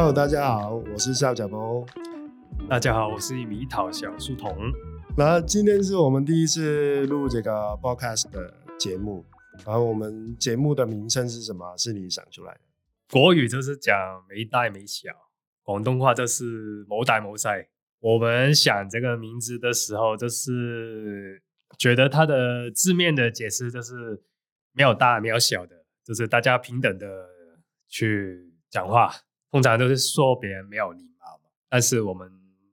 Hello，大家好，嗯、我是邵甲鵬。大家好，我是一米桃小樹童。那今天是我們第一次錄這個 podcast 的節目。然後我們節目的名稱是什麼？是你想出來的？國語就是講沒大沒小，廣東話就是某大某小。我們想這個名字的時候，就是覺得它的字面的解釋就是沒有大沒有小的，就是大家平等的去講話。通常都是說別人沒有禮貌嘛，但是我們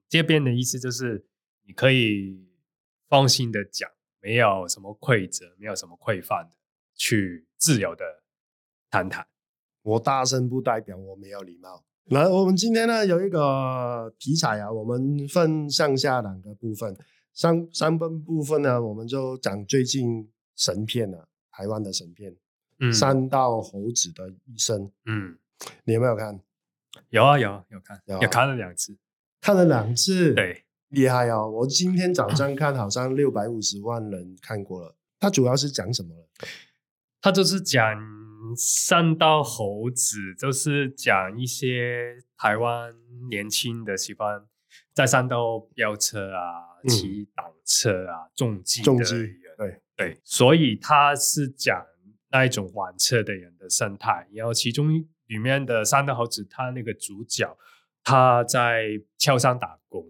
這邊的意思就是，你可以放心的講，沒有什麼規則，沒有什麼規範的，去自由的談談。我大聲不代表我沒有禮貌。來，我們今天呢有一個題材啊，我們分上下兩個部分，上上半部分呢，我們就講最近神片啊，台灣的神片，嗯，《山道猴子的一生》，嗯，你有沒有看？有啊有啊有看有、啊，有看了兩次，看了兩次、嗯，對，厲害哦！我今天早上看，好像六百五十萬人看過了。它、嗯、主要是講什麼？它就是講山道猴子，就是講一些台灣年輕的喜歡在山道飆車啊、騎檔車啊、嗯、重機重機，對對，對，所以他是講那一種玩車的人的生態，然後其中。裡面的山道猴子，他那個主角，他在橋上打工，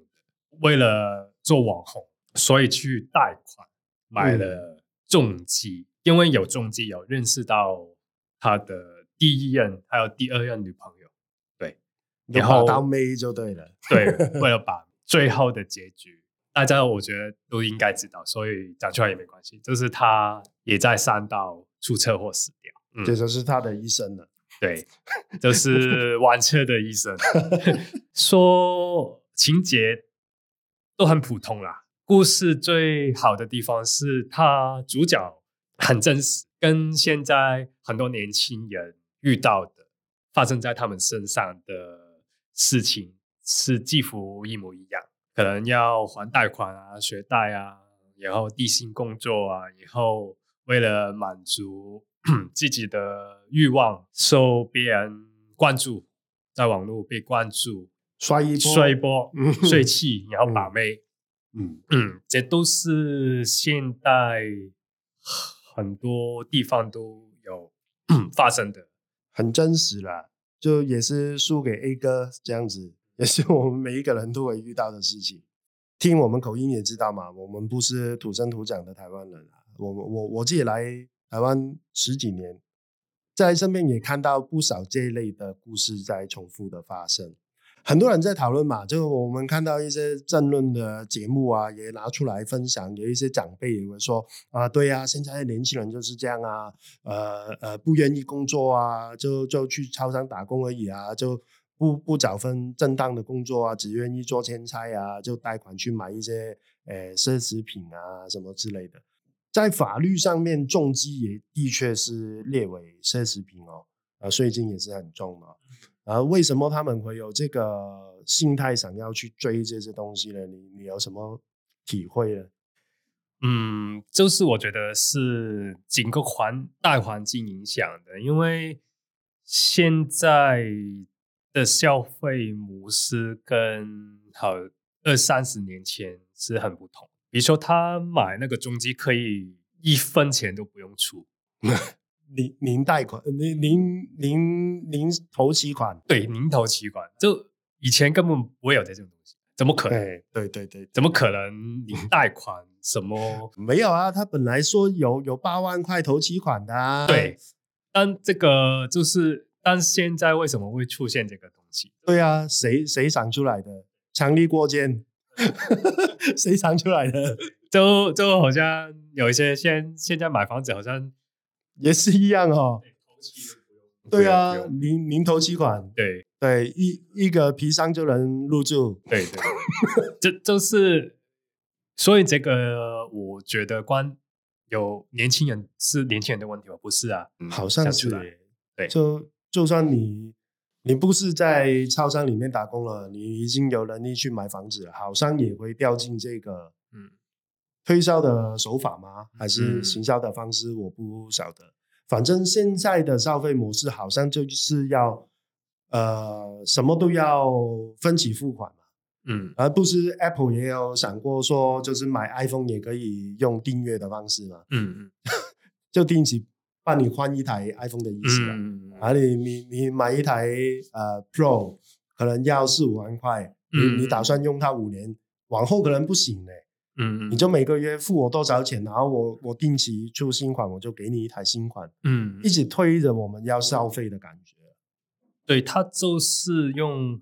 為了做網紅，所以去貸款買了重機、嗯，因為有重機，有認識到他的第一任還有第二任女朋友，對，然後當妹就對了，對， 為了把最後的結局，大家我覺得都應該知道，所以講出來也沒關係，就是他也在山道出車禍死掉，這、嗯，就是他的一生了。對，就是玩車的醫生， 說情節都很普通啦。故事最好的地方是，他主角很真實，跟現在很多年輕人遇到的、發生在他們身上的事情是幾乎一模一樣。可能要還貸款啊、學貸啊，然後低薪工作啊，以後為了滿足。嗯、自己的欲望、受別人關注，在網絡被關注，摔一摔一波，一波嗯、睡氣然後把妹，嗯嗯，嗯，這都是現代很多地方都有、嗯、發生的，很真實啦，就也是輸給 A 哥這樣子，也是我們每一個人都會遇到的事情。聽我們口音也知道嘛，我們不是土生土長的台灣人啊，我我我自己來。台灣十幾年，在身邊也看到不少這一類的故事在重複的發生。很多人在討論嘛，就我們看到一些政論的節目啊，也拿出來分享。有一些長輩也會說啊，對呀，啊，現在的年輕人就是這樣啊，呃呃，不願意工作啊，就就去超商打工而已啊，就不不找份正當的工作啊，只願意做兼差啊，就貸款去買一些誒、欸，奢侈品啊什麼之類的。在法律上面，重機也的確是列為奢侈品哦，啊，稅金也是很重的。啊，為什麼他們會有這個心態想要去追這些東西呢？你你有什麼體會呢？嗯，就是我覺得是整個環大環境影響的，因為現在的消費模式跟好二三十年前是很不同的。比如說，他買那個重機可以一分錢都不用出，零零貸款，零零零零頭期款，對，零頭期款，就以前根本不會有這種東西，怎麼可能？對對對，對怎麼可能？零貸款什麼？ 沒有啊，他本來說有有八萬塊頭期款的、啊。對，但這個就是，但現在為什麼會出現這個東西？對啊，誰誰想出來的？強力過肩。 誰藏出來的？就就好像有一些先，現現在買房子好像也是一樣哦。對，對啊，零零頭期款，對對，一一個皮箱就能入住，對對，這 就，就是所以這個，我覺得關有年輕人是年輕人的問題吧？不是啊，好、嗯、像出來對，就就算你。你不是在超商裡面打工了？你已經有能力去買房子了，好像也會掉進這個推銷的手法嗎？還是行銷的方式？我不曉得。嗯。反正現在的消費模式好像就是要呃什麼都要分期付款嘛。嗯，而不是 Apple 也有想過說，就是買 iPhone 也可以用訂閱的方式嘛。嗯嗯， 就定期。幫你換一台 iPhone 的意思，啊、嗯，你你你買一台呃 Pro，可能要四五萬塊，嗯，你你打算用它五年，往後可能不行嘞，嗯，你就每個月付我多少錢，然後我我定期出新款，我就給你一台新款，嗯，一直推着我們要消費的感覺，對，它就是用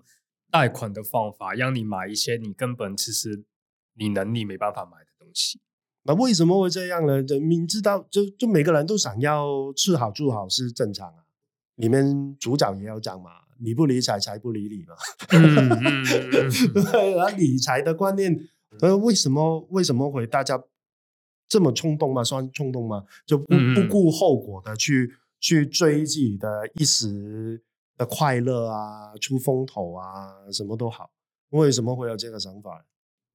貸款的方法讓你買一些你根本其實你能力沒辦法買的東西。那、啊、為什麼會這樣呢？明知道就就每個人都想要吃好住好是正常啊，你們組長也要講嘛？你不理財，財不理你嘛。 嗯嗯 啊、理財的觀念，呃、啊，為什麼為什麼會大家這麼衝動嘛？算衝動嗎？就不不顧後果的去、嗯、去追自己的一時的快樂啊，出風頭啊，什麼都好。為什麼會有這個想法？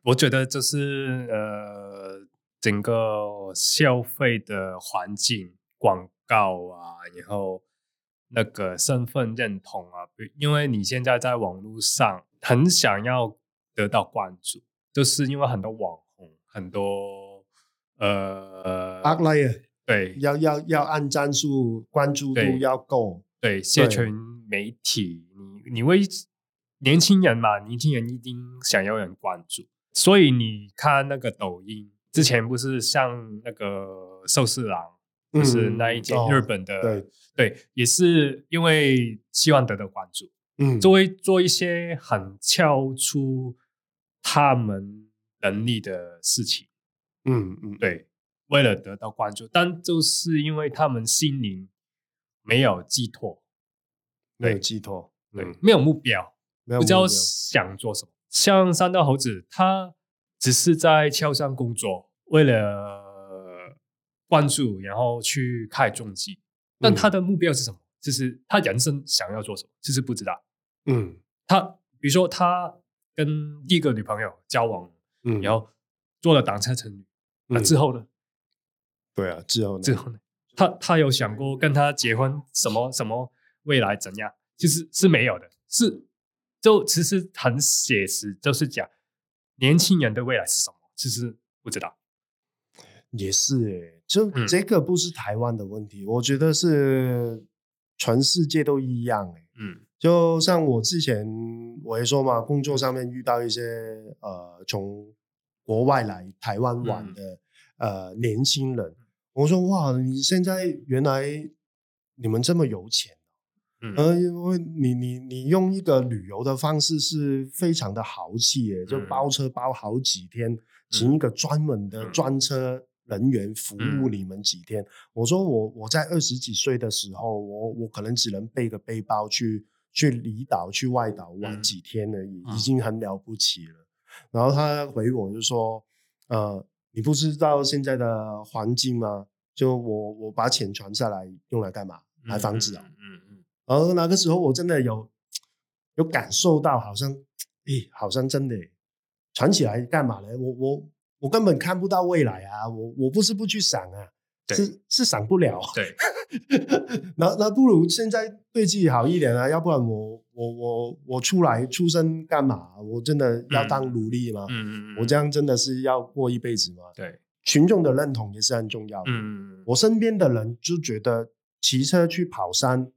我覺得這、就是呃。整個消費的環境、廣告啊，然後那個身份認同啊，因為你現在在網絡上很想要得到關注，就是因為很多網紅、很多呃，uplayer、啊、對，要要要按讚數關注度要夠，對，社群媒體，你你為年輕人嘛？年輕人一定想要人關注，所以你看那個抖音。之前不是像那個壽司郎、嗯，就是那一間日本的對，對，也是因為希望得到關注，嗯，做一做一些很超出他們能力的事情，嗯嗯，對嗯，為了得到關注，但就是因為他們心靈沒有寄托，沒有寄托，對，嗯、對沒有目標，不知道想做什麼，像山道猴子他。只是在橋上工作，為了關注，然後去開重機。但他的目標是什麼、嗯？就是他人生想要做什麼？其實不知道。嗯，他比如說他跟第一個女朋友交往，嗯，然後做了擋車女、嗯，那之後呢？對啊，之後呢？之後呢？他他有想過跟他結婚？什麼什麼？未來怎樣？其實是沒有的，是就其實很寫實，就是講。年輕人的未來是什麼？其實不知道，也是誒，就這個不是台灣的問題。嗯，我覺得是全世界都一樣誒。嗯，就像我之前我也說嘛，工作上面遇到一些呃，從國外來台灣玩的，嗯，呃年輕人，我說哇，你現在原來你們這麼有錢。嗯、呃，因為你你你用一個旅遊的方式是非常的豪氣誒，就包車包好幾天，嗯，請一個專門的專車人員服務你們幾天。嗯嗯，我說我我在二十幾歲的時候，我我可能只能背個背包去去離島去外島玩幾天而已，嗯，已經很了不起了，嗯。然後他回我就說，呃，你不知道現在的環境嗎？就我我把錢存下來用來幹嘛？買房子啊，嗯。嗯嗯而、哦、那個時候我真的有有感受到，好像，咦、欸，好像真的傳起來幹嘛呢？我我我根本看不到未來啊！我我不是不去想啊，是是,是想不了、啊。對， 那那不如現在對自己好一點啊！要不然我我我我出來出生幹嘛？我真的要當奴隸嗎？嗯嗯我這樣真的是要過一輩子嗎？對，群眾的認同也是很重要的。嗯嗯嗯，我身邊的人就覺得騎車去跑山。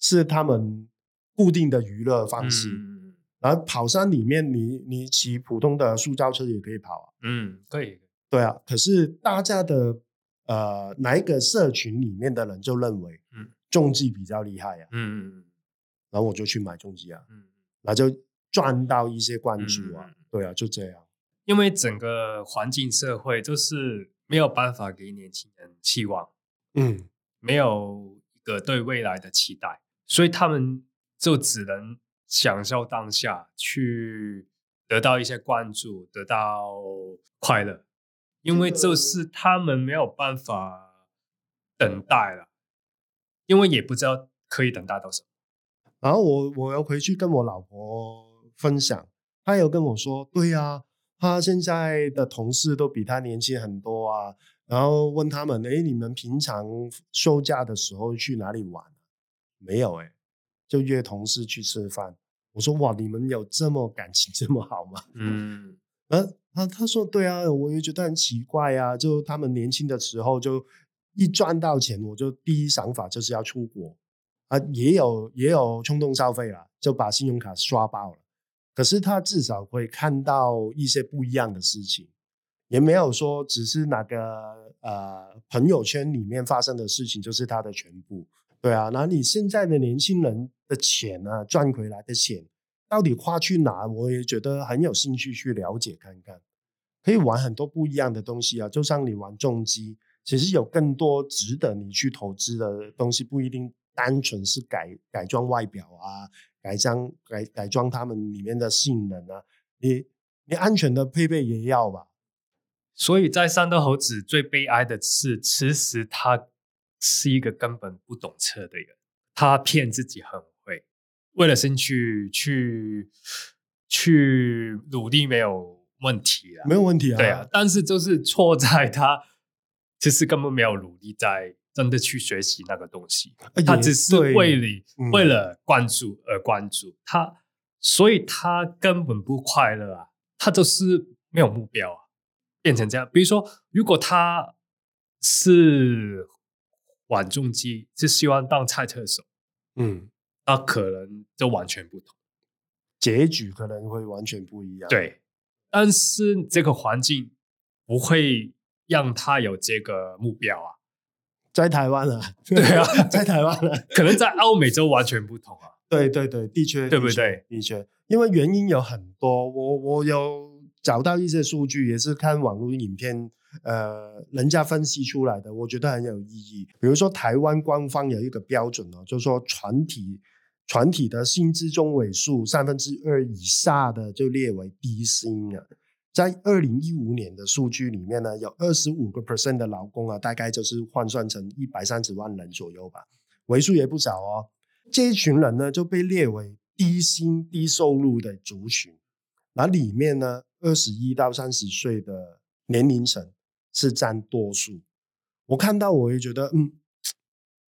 是他們固定的娛樂方式，嗯，然後跑山裡面你，你你騎普通的塑膠車也可以跑啊，嗯，可以，對啊。可是大家的呃，哪一個社群裡面的人就認為，嗯，重機比較厲害呀、啊，嗯嗯嗯。然後我就去買重機啊，嗯嗯，那就賺到一些關注啊、嗯，對啊，就這樣。因為整個環境社會就是沒有辦法給年輕人期望，嗯，沒有一個對未來的期待。所以他們就只能享受當下，去得到一些關注，得到快樂，因為這是他們沒有辦法等待了，因為也不知道可以等待到什麼。然後我我要回去跟我老婆分享，她有跟我說：“對呀，她現在的同事都比她年輕很多啊。”然後問他們：“誒，你們平常休假的時候去哪裡玩？”沒有哎、欸，就約同事去吃飯。我說哇，你們有這麼感情這麼好嗎？嗯，啊他說對啊，我也覺得很奇怪啊。就他們年輕的時候，就一賺到錢，我就第一想法就是要出國啊，也有也有衝動消費了，就把信用卡刷爆了。可是他至少會看到一些不一樣的事情，也沒有說只是那個呃朋友圈裡面發生的事情，就是他的全部。對啊，那你現在的年輕人的錢呢、啊，賺回來的錢到底花去哪？我也覺得很有興趣去了解看看，可以玩很多不一樣的東西啊。就像你玩重機，其實有更多值得你去投資的東西，不一定單純是改改裝外表啊，改裝改改裝他們裡面的性能啊，你你安全的配備也要吧。所以山道的猴子最悲哀的是，其實他。是一個根本不懂車的人，他騙自己很會，為了興趣去去，去努力沒有問題啊，沒有問題啊，對啊，但是就是錯在他其實根本沒有努力在真的去學習那個東西，哎、他只是為了為了關注而關注，嗯、他，所以他根本不快樂啊，他就是沒有目標啊，變成這樣，比如說如果他是。王仲基就希望當賽車手，嗯，那、啊、可能就完全不同，結局可能會完全不一樣。對，但是這個環境不會讓他有這個目標啊，在台灣啊，對啊， 在台灣啊， 可能在歐美洲完全不同啊。 對對對，的確，對不對？的確，的確。因為原因有很多。我我有找到一些數據，也是看網絡影片。呃，人家分析出來的，我覺得很有意義。比如說，台灣官方有一個標準哦，就是說全，全體全體的薪資中位數三分之二以下的，就列為低薪了。在二零一五年的數據裡面呢，有二十五個 percent 的勞工啊，大概就是換算成一百三十萬人左右吧，為數也不少哦。這一群人呢，就被列為低薪、低收入的族群。那裡面呢，二十一到三十歲的年齡層是占多數，我看到我也覺得，嗯，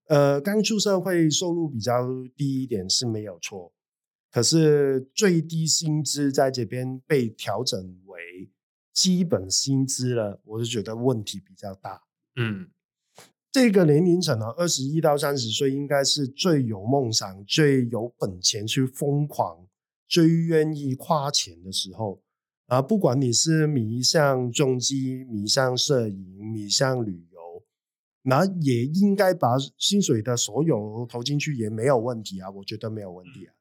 呃，剛出社會收入比較低一點是沒有錯，可是最低薪資在這邊被調整為基本薪資了，我就覺得問題比較大。嗯，這個年齡層呢，二十一到三十歲應該是最有夢想、最有本錢去瘋狂、最願意花錢的時候。啊，不管你是迷上重機、迷上攝影、迷上旅遊，那也應該把薪水的所有投進去也沒有問題啊，我覺得沒有問題啊。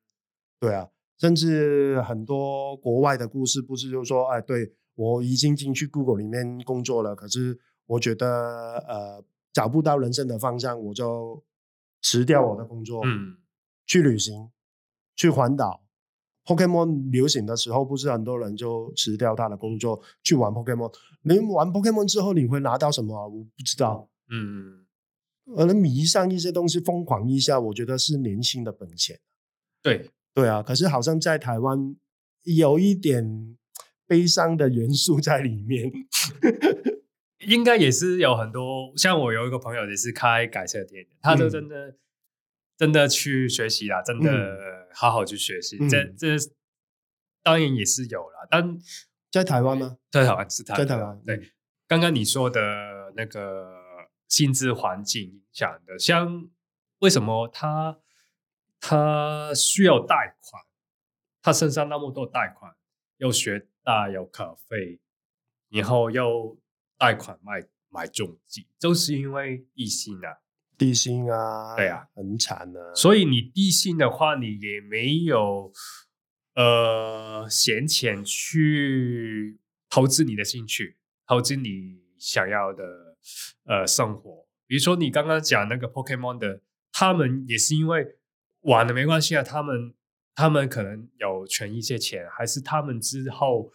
對啊，甚至很多國外的故事不是就說，哎，對，我已經進去 Google 裡面工作了，可是我覺得呃找不到人生的方向，我就辭掉我的工作，嗯，嗯，去旅行，去環島。Pokemon 流行的時候，不是很多人就辭掉他的工作去玩 Pokemon？你玩 Pokemon 之後，你會拿到什麼？我不知道。嗯，可能迷上一些東西，瘋狂一下，我覺得是年輕的本錢。對對啊，可是好像在台灣有一點悲傷的元素在裡面。 應該也是有很多，像我有一個朋友也是開改色店，他就真的。嗯真的去學習啦、啊，真的好好去學習、嗯。這這當然也是有啦，但在台灣嗎？在台灣是在台灣、嗯。對，剛剛你說的那個薪資環境影響的，像為什麼他他需要貸款，他身上那麼多貸款，又學貸又卡費，然後又貸款買買重機，都是因為異性啊。低薪啊，對啊，很慘啊，所以你低薪的話，你也沒有呃閒錢去投資你的興趣，投資你想要的呃生活。比如說你剛剛講那個 Pokemon 的，他們也是因為玩的沒關係啊，他們他們可能有存一些錢，還是他們之後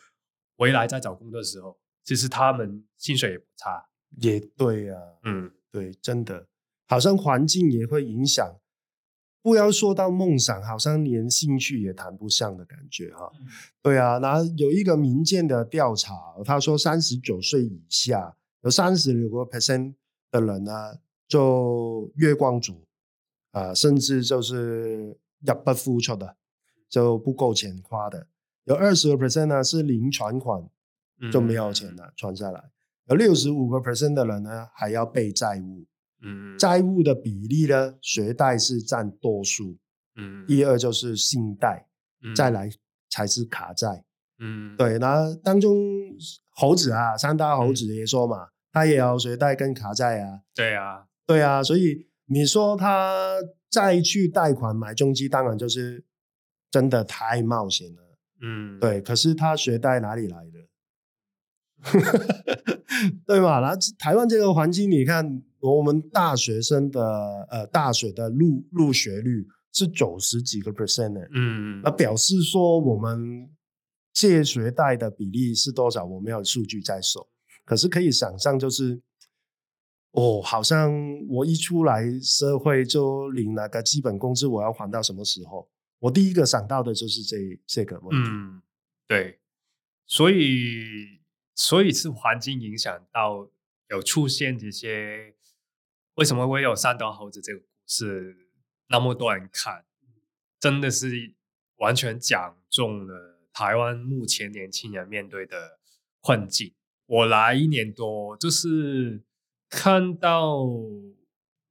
回來再找工作的時候，其實他們薪水也不差。也對啊。嗯，對，真的。好像環境也會影響，不要說到夢想，好像連興趣也談不上的感覺哈、啊。對啊，然後有一個民間的調查，他說三十九歲以下有三十六個 percent 的人呢，就月光族啊、呃，甚至就是入不敷出的，就不夠錢花的。有二十個 percent 呢是零存款，就沒有錢了，存、嗯、下來。有六十五個 percent 的人呢還要背債務。債、嗯、務的比例呢？學貸是佔多數、嗯，第二就是信貸、嗯，再來才是卡債、嗯，對。那當中猴子啊、嗯，山道猴子也說嘛，他也有學貸跟卡債啊，對啊，對啊。所以你說他再去貸款買重機，當然就是真的太冒險了、嗯，對。可是他學貸哪裡來的？ 對嘛？那台灣這個環境，你看。我們大學生的呃大學的入入學率是九十幾個 percent 呢，嗯，那表示說我們借學貸的比例是多少？我沒有數據在手，可是可以想象就是哦，好像我一出來社會就領那個基本工資，我要還到什麼時候？我第一個想到的就是這這個問題。嗯、對，所以所以是環境影響到有出現這些。為什麼我有山道猴子這個故事那麼多人看？真的是完全講中了台灣目前年輕人面對的困境。我來一年多，就是看到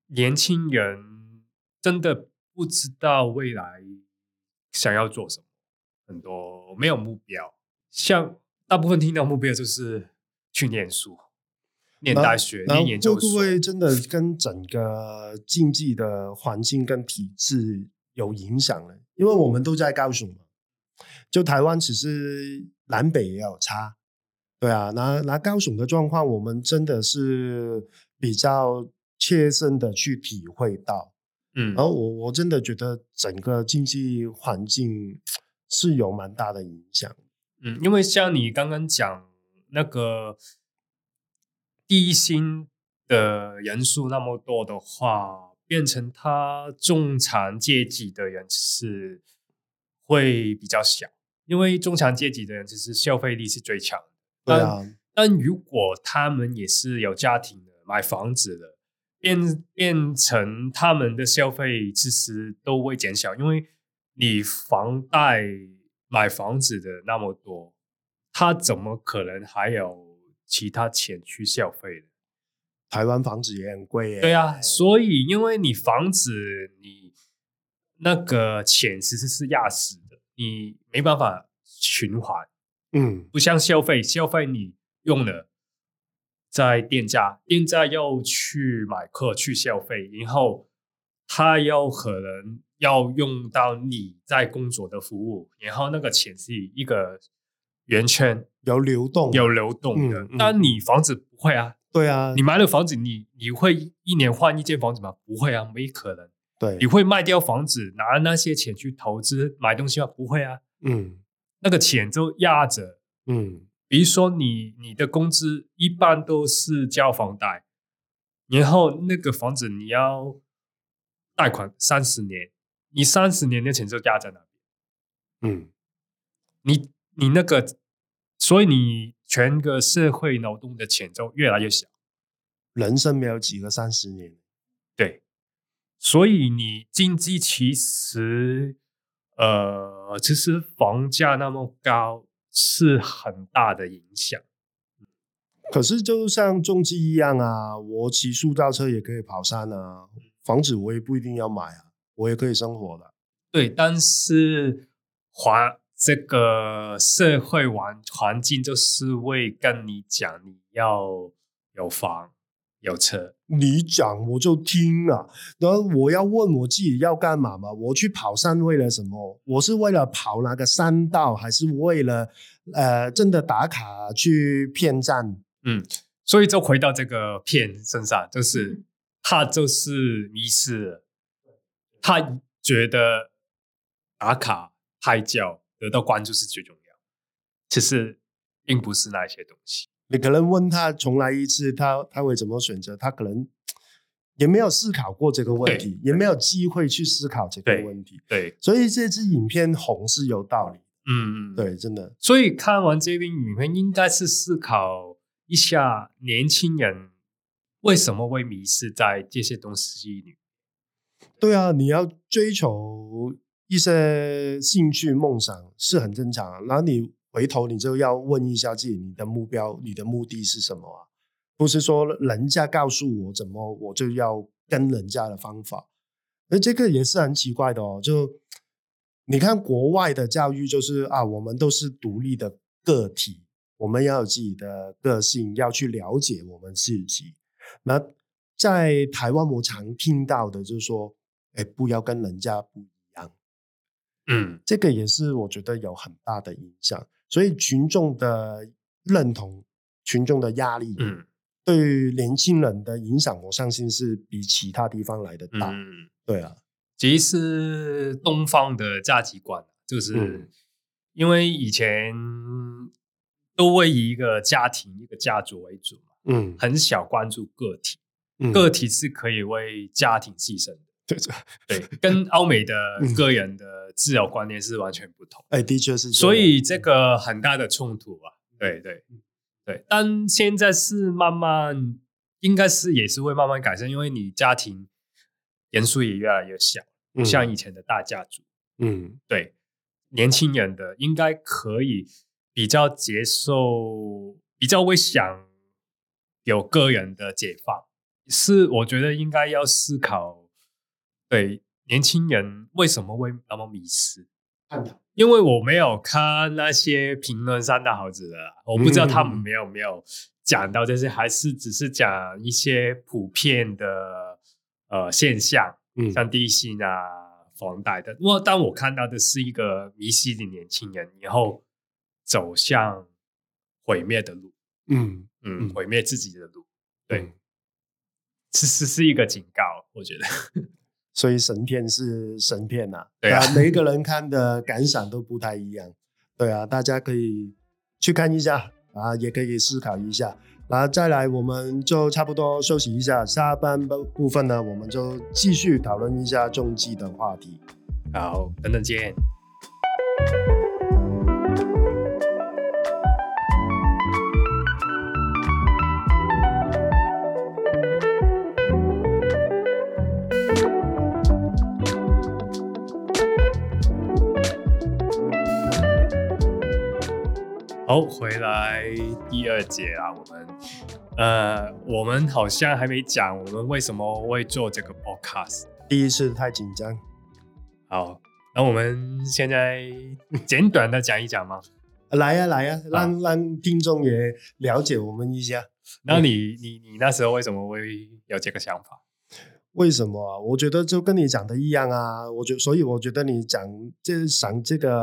年輕人真的不知道未來想要做什麼，很多沒有目標，像大部分聽到目標就是去念書。年代學，那就各位真的跟整個競技的環境跟體制有影響呢、嗯？因為我們都在高雄，就台灣其實南北也有差，對啊，那那高雄的狀況，我們真的是比較切身的去體會到。嗯，然後我我真的覺得整個經濟環境是有蠻大的影響。嗯，因為像你剛剛講那個。低薪的人數那麼多的話，變成他中產階級的人是會比較小，因為中產階級的人其實消費力是最強的。對啊。但，但如果他們也是有家庭的、買房子的，變變成他們的消費其實都會減小，因為你房貸買房子的那麼多，他怎麼可能還有？其他錢去消費的，台灣房子也很貴耶、欸。對啊，所以因為你房子你那個錢其實是壓死的，你沒辦法循環。嗯，不像消費，消費你用了在店家，店家又去買客去消費，然後他有可能要用到你在工作的服務，然後那個錢是一個。圓圈有流動，有流動的。那、嗯嗯、你房子不會啊？對啊，你買了房子，你你會一年換一間房子嗎？不會啊，沒可能。對，你會賣掉房子，拿那些錢去投資買東西嗎？不會啊。嗯，那個錢就壓着。嗯，比如說你你的工資一般都是交房貸，然後那個房子你要貸款三十年，你三十年的錢就壓在哪？嗯，你。你那個，所以你全個社會勞動的錢就越來越小。人生沒有幾個三十年，對。所以你經濟其實，呃，其實房價那麼高是很大的影響。可是就像重機一樣啊，我騎塑造車也可以跑山啊，嗯，房子我也不一定要買啊，我也可以生活的。對，但是華。這個社會環環境就是為跟你講，你要有房有車，你講我就聽了。然後我要問我自己要幹嘛嘛？我去跑山為了什麼？我是為了跑那個山道，還是為了呃真的打卡去騙站？嗯，所以就回到這個騙身上，就是他就是迷失了，他覺得打卡太久。得到關注是最重要的，其實並不是那些東西。你可能問他重來一次他，他他會怎麼選擇？他可能也沒有思考過這個問題，也沒有機會去思考這個問題對。對，所以這支影片紅是有道理。嗯嗯，對，真的。所以看完這邊影片，應該是思考一下年輕人為什麼會迷失在這些東西裡面。對啊，你要追求，一些興趣夢想是很正常，然後你回頭你就要問一下自己，你的目標、你的目的是什麼啊？不是說人家告訴我怎麼，我就要跟人家的方法。這個也是很奇怪的哦。就你看國外的教育，就是啊，我們都是獨立的個體，我們要有自己的個性，要去了解我們自己。那在台灣，我常聽到的就是說：“哎，不要跟人家。”嗯，這個也是我覺得有很大的影響，所以群眾的認同、群眾的壓力，嗯，對於年輕人的影響，我相信，是比其他地方來的大。嗯，對啊，其實東方的價值觀，就是因為以前都會以一個家庭、一個家族為主嘛，嗯，很少關注個體，嗯，個體是可以為家庭犧牲。對對，跟歐美的個人的自由觀念是完全不同，嗯。哎，的確是，所以這個很大的衝突啊。嗯、對對對，但現在是慢慢，應該是也是會慢慢改善，因為你家庭人數也越來越小，嗯，像以前的大家族。嗯，對，年輕人的應該可以比較接受，比較會想有個人的解放，是我覺得應該要思考。對，年輕人為什麼會那麼迷失？因為我沒有看那些評論山道猴子的，我不知道他們沒有沒有講到這些，嗯、還是只是講一些普遍的呃現象，嗯，像低薪啊、房貸的。我但我看到的是一個迷失的年輕人，然後走向毀滅的路，嗯嗯，毀滅自己的路，嗯、對，是、嗯、是是一個警告，我覺得。所以神片是神片吶、對啊，啊，每一個人看的感想都不太一樣，對啊，大家可以去看一下，啊，也可以思考一下，然、啊、後再來我們就差不多休息一下，下半部部分呢，我們就繼續討論一下重機的話題，好，等等見。好，回來第二節啊，我們，呃，我們好像還沒講，我們為什麼會做這個 podcast，第一次太緊張。好，那我們現在簡短的講一講嘛？來呀、啊、來呀、啊啊，讓讓聽眾也了解我們一下。那你、嗯、你你那時候為什麼會有這個想法？為什麼？我覺得就跟你講的一樣啊，我覺所以我覺得你講這講、就是、這個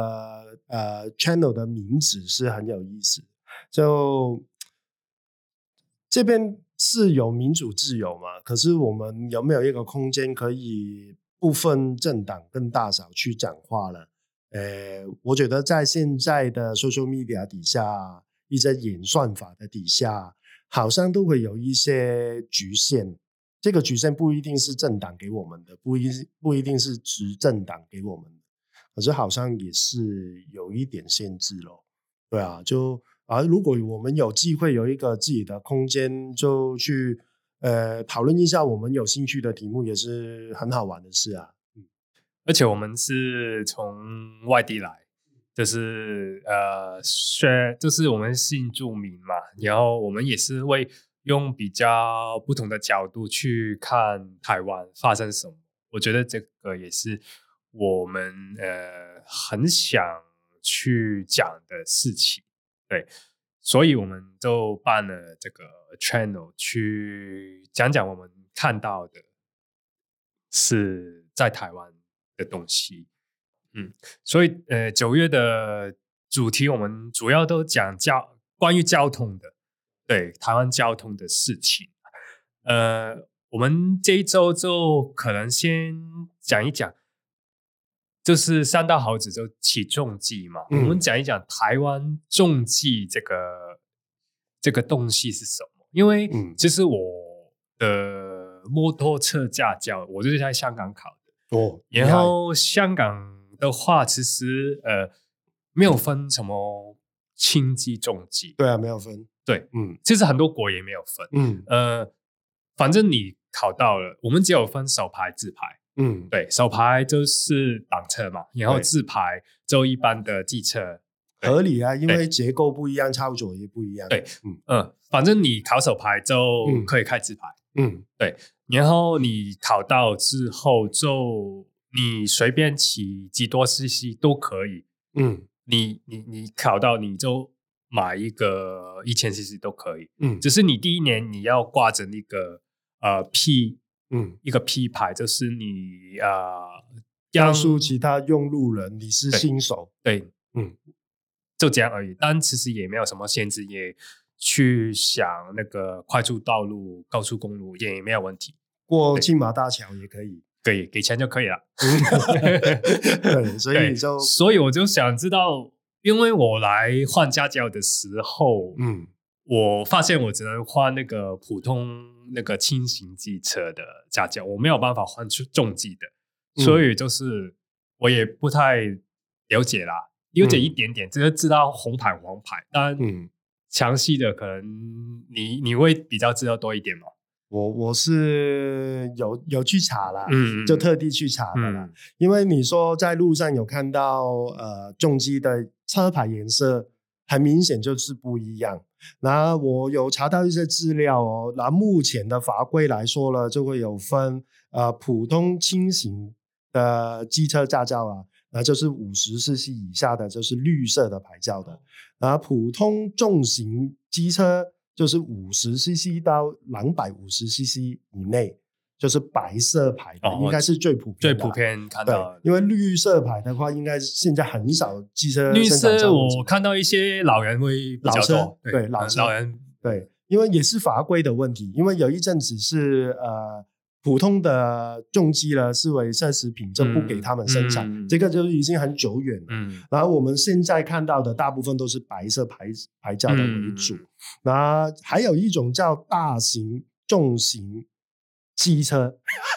呃 channel 的名字是很有意思。就這邊是有民主自由嘛，可是我們有沒有一個空間可以不分政黨跟大小去講話呢？呃，我覺得在現在的 social media 底下，一些演算法的底下，好像都會有一些局限。這個局限不一定是政黨給我們的，不一不一定是執政黨給我們的，可是好像也是有一點限制咯。對啊，就啊，如果我們有機會有一個自己的空間，就去呃討論一下我們有興趣的題目，也是很好玩的事啊。而且我們是從外地來，就是呃，是就是我們新住民嘛，然後我們也是為。用比較不同的角度去看台灣發生什麼，我覺得這個也是我們呃很想去講的事情。對，所以我們就辦了這個 channel 去講講我們看到的是在台灣的東西。嗯，所以呃九月的主題我們主要都講交，關於交通的。對台灣交通的事情，呃，我們這一周就可能先講一講，就是山道猴子就騎重機嘛，嗯。我們講一講台灣重機這個這個東西是什麼？因為其實我的摩托車駕照我就是在香港考的哦。然後香港的話，其實呃沒有分什麼輕機重機，對啊，沒有分。對，嗯，其實很多國也沒有分，嗯，呃，反正你考到了，我們只有分手排、自排，嗯，對，手排就是擋車嘛，然後自排就一般的機車，合理啊，因為結構不一樣，操作也不一樣，對，嗯嗯、呃，反正你考手排就可以開自排，嗯，對，然後你考到之後就你隨便騎幾多西西都可以，嗯，你你你考到你就。買一個一千 CC 都可以，嗯，只是你第一年你要掛着那個呃 P，嗯，一個 P 牌，就是你啊，告、呃、訴其他用路人、嗯、你是新手，對，對嗯，嗯，就這樣而已。但其實也沒有什麼限制，也去想那個快速道路、高速公路也沒有問題，過金馬大橋也可以，可以給錢就可以了。嗯、 對，所以就，所以我就想知道。因為我來換駕照的時候，嗯，我發現我只能換那個普通、那個輕型機車的駕照，我沒有辦法換出重機的。嗯，所以就是我也不太了解啦，了解一點點，嗯，只是知道紅牌、黃牌，但詳細的可能你你會比較知道多一點嘛。我我是有有去查啦，嗯，就特地去查的啦、嗯嗯，因為你說在路上有看到呃重機的車牌顏色很明顯，就是不一樣。那我有查到一些資料哦，那目前的法規來說呢，就會有分呃普通輕型的機車駕照啊，那、呃、就是五十 CC 以下的，就是綠色的牌照的，啊，普通重型機車。就是五十 CC 到兩百五十 CC 以內，就是白色牌的，哦，應該是最普遍的，最普遍看到。因為綠色牌的話，應該現在很少機車。綠色我看到一些老人會比較多對老老人，對，因為也是法規的問題。因為有一陣子是呃。普通的重機呢，視為奢侈品，就不給他們生產、嗯嗯。這個就是已經很久遠了、嗯。然後我們現在看到的大部分都是白色牌牌照的為主。那、嗯、還有一種叫大型重型機車，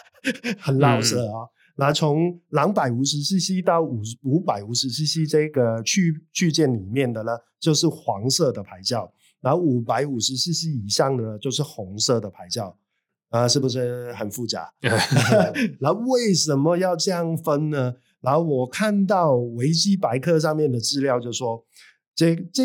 很老色啊、哦。那、嗯、從兩百五十 cc 到五五百五十 cc 這個區區間裡面的呢，就是黃色的牌照，然後五百五十 cc 以上的呢，就是紅色的牌照。啊，是不是很複雜？那 為什麼要這樣分呢？然後我看到維基百科上面的資料就說，這這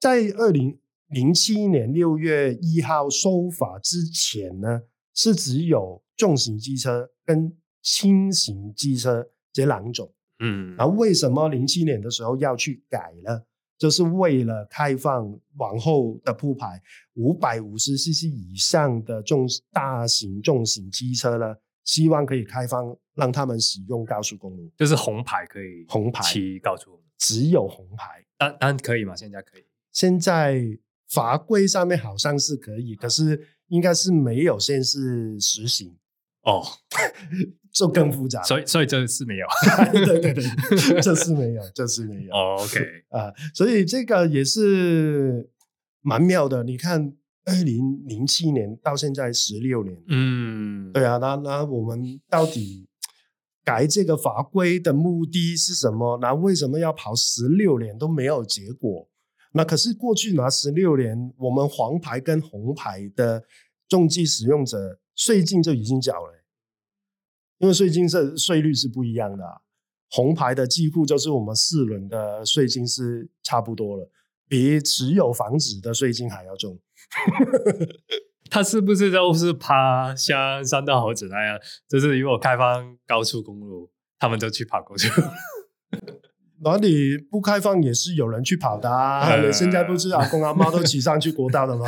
在二零零七年六月一號修法之前呢，是只有重型機車跟輕型機車這兩種。嗯，然後為什麼零七年的時候要去改呢？就是為了開放往後的鋪排，五百五十 CC 以上的重大型重型機車呢，希望可以開放讓他們使用高速公路，就是紅牌可以紅牌騎高速公路，只有紅牌，當然可以嗎？現在可以？現在法規上面好像是可以，可是應該是沒有限制實行。哦， 就更複雜更，所以所以這是沒有， 對對對， 這是沒有，這是沒有。哦、OK 啊，所以這個也是蠻妙的。你看，二零零七年到現在十六年，嗯，對啊，那那我們到底改這個法規的目的是什麼？那為什麼要跑十六年都沒有結果？那可是過去那十六年，我們黃牌跟紅牌的重機使用者，稅金就已經繳了。因為稅金是稅率是不一樣的、啊，紅牌的幾乎就是我們四輪的稅金是差不多了，比持有房子的稅金還要重。 他是不是都是趴，像山道猴子那樣？就是如果開放高速公路，他們都去跑過去了。 哪裡不開放也是有人去跑的啊！呃、現在不是阿公阿嬤都騎上去國道的嗎？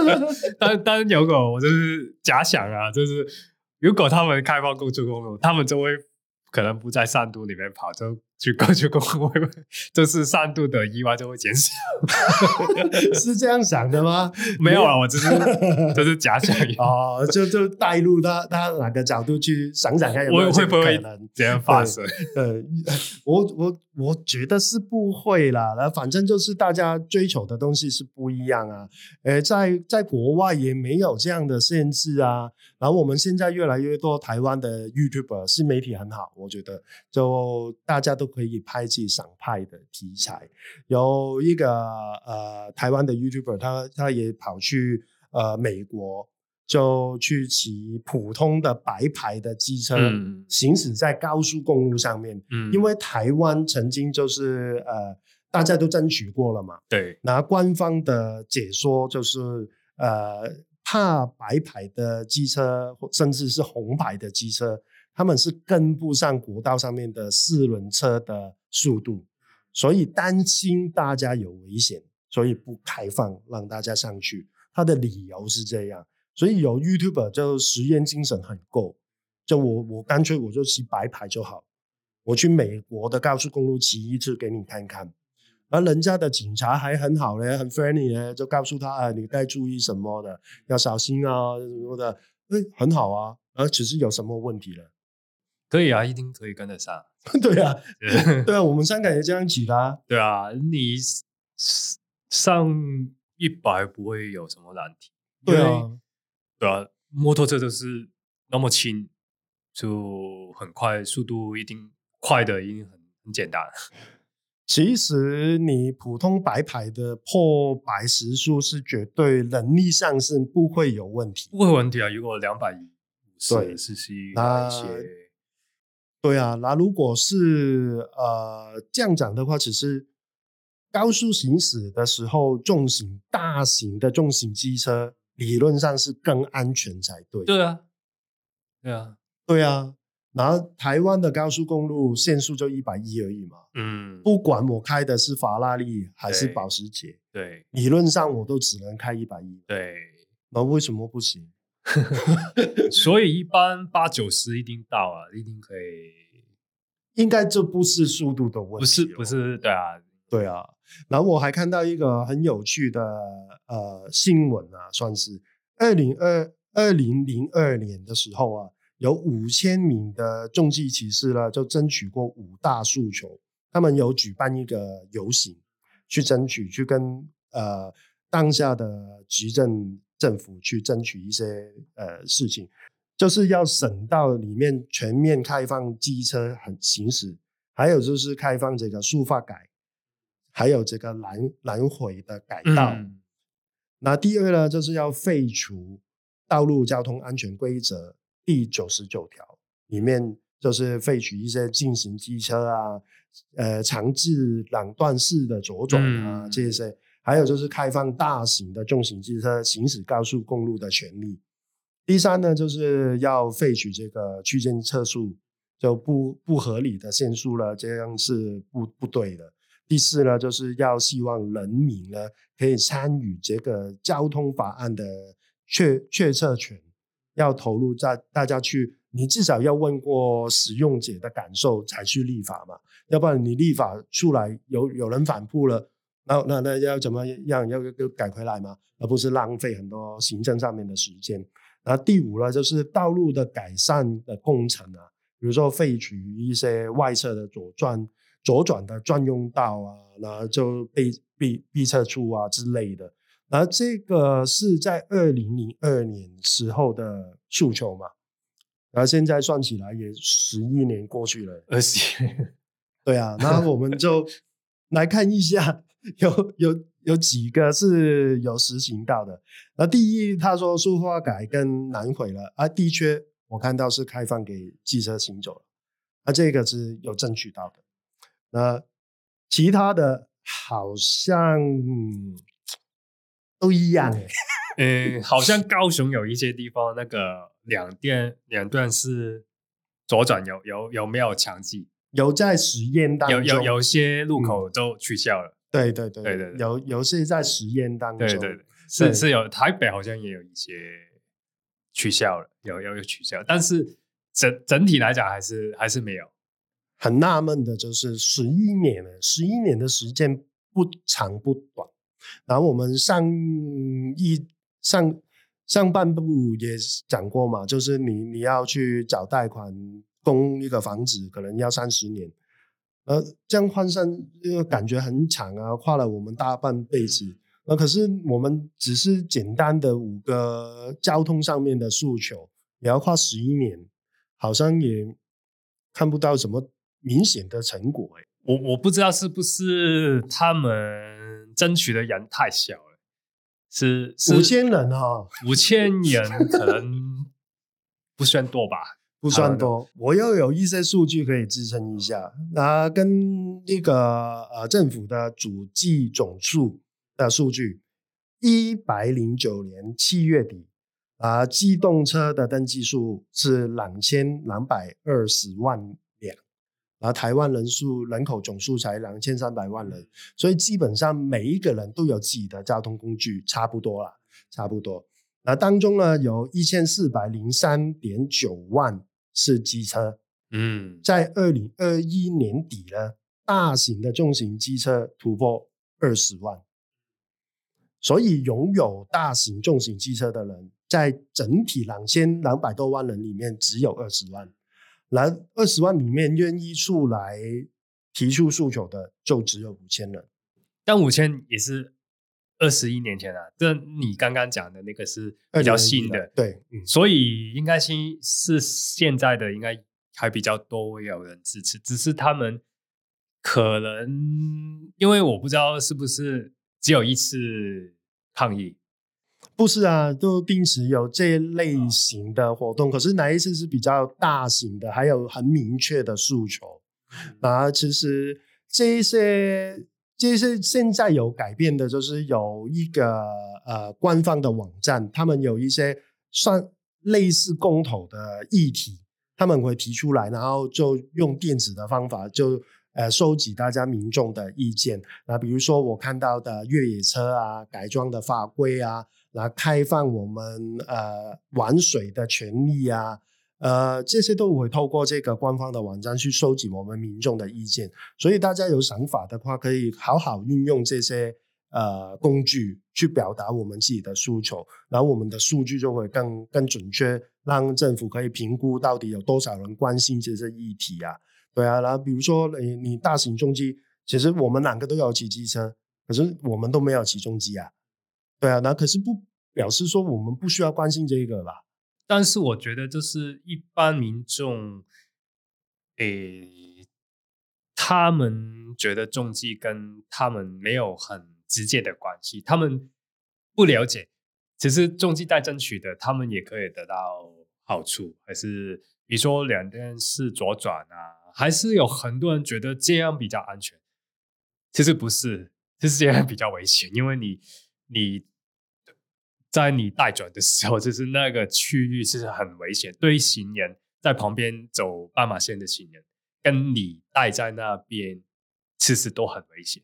當當然有狗，我就是假想啊，就是。如果他們開放高速公路，他們就會可能不在山道裡面跑，就。去過去過，就是三度的意外就會減少， 是這樣想的嗎？沒有啊，我只、就是，這 是假想哦，就就帶入他，他哪個角度去想想看有有，我，會不會能這樣發生？呃，我我我覺得是不會啦，反正就是大家追求的東西是不一樣啊，呃、欸，在在國外也沒有這樣的限制啊，然後我們現在越來越多台灣的 YouTuber 新媒體很好，我覺得就大家都。可以拍自己想拍的題材，有一個呃台灣的 YouTuber，他他也跑去呃美國，就去騎普通的白牌的機車，嗯，行駛在高速公路上面。嗯，因為台灣曾經就是呃大家都爭取過了嘛，對，那官方的解說就是呃怕白牌的機車，甚至是紅牌的機車。他們是跟不上國道上面的四輪車的速度，所以擔心大家有危險，所以不開放讓大家上去。他的理由是這樣，所以有 YouTuber 就實驗精神很夠，就我我乾脆我就騎白牌就好，我去美國的高速公路騎一次給你看看。而人家的警察還很好呢，很 friendly 呢，就告訴他、啊、你該注意什麼的，要小心啊什麼的，哎很好啊，而、啊、只是有什麼問題了。可以啊，一定可以跟得上。 對啊，對啊，我們香港也這樣舉啊 對啊，你上一百不會有什麼難題。對啊，對啊，摩托車就是那麼輕，就很快，速度一定快的，一定很很簡單。其實你普通白牌的破百時速是絕對能力上是不會有問題，不會有問題啊。如果兩百一，對四是。對啊，那如果是呃降檔的話，只是高速行駛的時候，重型大型的重型機車理論上是更安全才對。對啊，對啊，對啊。然後、嗯、台灣的高速公路限速就一百一而已嘛。嗯，不管我開的是法拉利還是保時捷，對，理論上我都只能開一百一。對，那為什麼不行？ 所以一般八九十一定到啊， 一定可以，應該這不是速度的問題，不是不是，對啊對啊。然後我還看到一個很有趣的呃新聞啊，算是二零二二零零二年的時候啊，有五千名的重機騎士呢，就爭取過五大訴求，他們有舉辦一個遊行，去爭取去跟呃當下的執政。政府去爭取一些呃事情，就是要省道裡面全面開放機車很行駛，還有就是開放這個速化改，還有這個藍攔毀的改道、嗯。那第二呢，就是要廢除道路交通安全規則第九十九條裡面，就是廢除一些禁行機車啊，呃，強制兩段式的左轉啊、嗯、這些。還有就是開放大型的重型機車行駛高速公路的權利。第三呢，就是要廢除這個區間測速，就不不合理的限速了，這樣是不不對的。第四呢，就是要希望人民呢可以參與這個交通法案的決決策權，要投入在大大家去，你至少要問過使用者的感受才去立法嘛，要不然你立法出來有有人反撲了。那那那要怎麼樣？要要改回來嗎？而不是浪費很多行政上面的時間。然後第五呢，就是道路的改善的工程啊，比如說廢除一些外側的左轉、左轉的專用道啊，然後就被被被撤出啊之類的。而這個是在二零零二年時候的訴求嘛。然後現在算起來也十一年過去了。而且。對啊，那我們就來看一下。有有有幾個是有實行到的。那第一，他說蘇花改跟南迴了，啊，的確我看到是開放給機車行走了。那、啊、這個是有爭取到的。那其他的好像、嗯、都一樣、欸。誒、嗯 嗯，好像高雄有一些地方那個兩段兩段式左轉有有有沒有強制？有在實驗當中有有有些路口都取消了。嗯對對對，對對對，有有些在實驗當中，對對對，對是是有，台北好像也有一些取消了，有有有取消，但是整整體來講還是還是沒有。很納悶的就是十一年了，十一年的時間不長不短。然後我們上一上上半部也講過嘛，就是你你要去找貸款供一個房子，可能要三十年。呃，這樣換算，那個感覺很長啊，花了我們大半輩子。那可是我們只是簡單的五個交通上面的訴求，也要花十一年，好像也看不到什麼明顯的成果誒，我我不知道是不是他們爭取的人太小了，是，是五千人啊、哦，五千人可能不算多吧。 不算多，我又有一些數據可以支撐一下。那跟那個呃政府的主計總處的數據，一百零九年七月底，啊、呃，機動車的登記數是兩千兩百二十萬輛，而台灣人數人口總數才兩千三百萬人，所以基本上每一個人都有自己的交通工具，差不多啦，差不多。那、呃、當中呢，有一千四百零三點九萬。是機車，嗯，在二零二一年底呢，大型的重型機車突破二十萬，所以擁有大型重型機車的人，在整體兩千兩百多萬人裡面只有二十萬，那二十萬裡面願意出來提出訴求的就只有五千人，但五千也是。二十一年前了，啊，這你剛剛講的那個是比較新的，對，嗯嗯嗯，所以應該是，是現在的應該還比較多有人支持，只是他們可能因為我不知道是不是只有一次抗議，不是啊，都定時有這類型的活動，嗯，可是哪一次是比較大型的，還有很明確的訴求？那，嗯，其實這些。其實現在有改變的，就是有一個呃官方的網站，他們有一些算類似公投的議題，他們會提出來，然後就用電子的方法，就呃收集大家民眾的意見。那比如說我看到的越野車啊，改裝的法規啊，來開放我們呃玩水的權利啊。呃，這些都會透過這個官方的網站去收集我們民眾的意見，所以大家有想法的話，可以好好運用這些呃工具去表達我們自己的訴求，然後我們的數據就會更更準確，讓政府可以評估到底有多少人關心這些議題啊。對啊，然後比如說你、哎、你大型重機，其實我們兩個都有騎機車，可是我們都沒有騎重機啊。對啊，那可是不表示說我們不需要關心這個吧？但是我覺得，就是一般民眾，誒、欸，他們覺得重機跟他們沒有很直接的關係，他們不了解。其實重機帶爭取的，他們也可以得到好處，還是比如說兩段式左轉啊，還是有很多人覺得這樣比較安全。其實不是，其實這樣比較危險，因為你你。在你待轉的時候，就是那個區域其實很危險，對行人，在旁邊走斑馬線的行人跟你待在那邊，其實都很危險。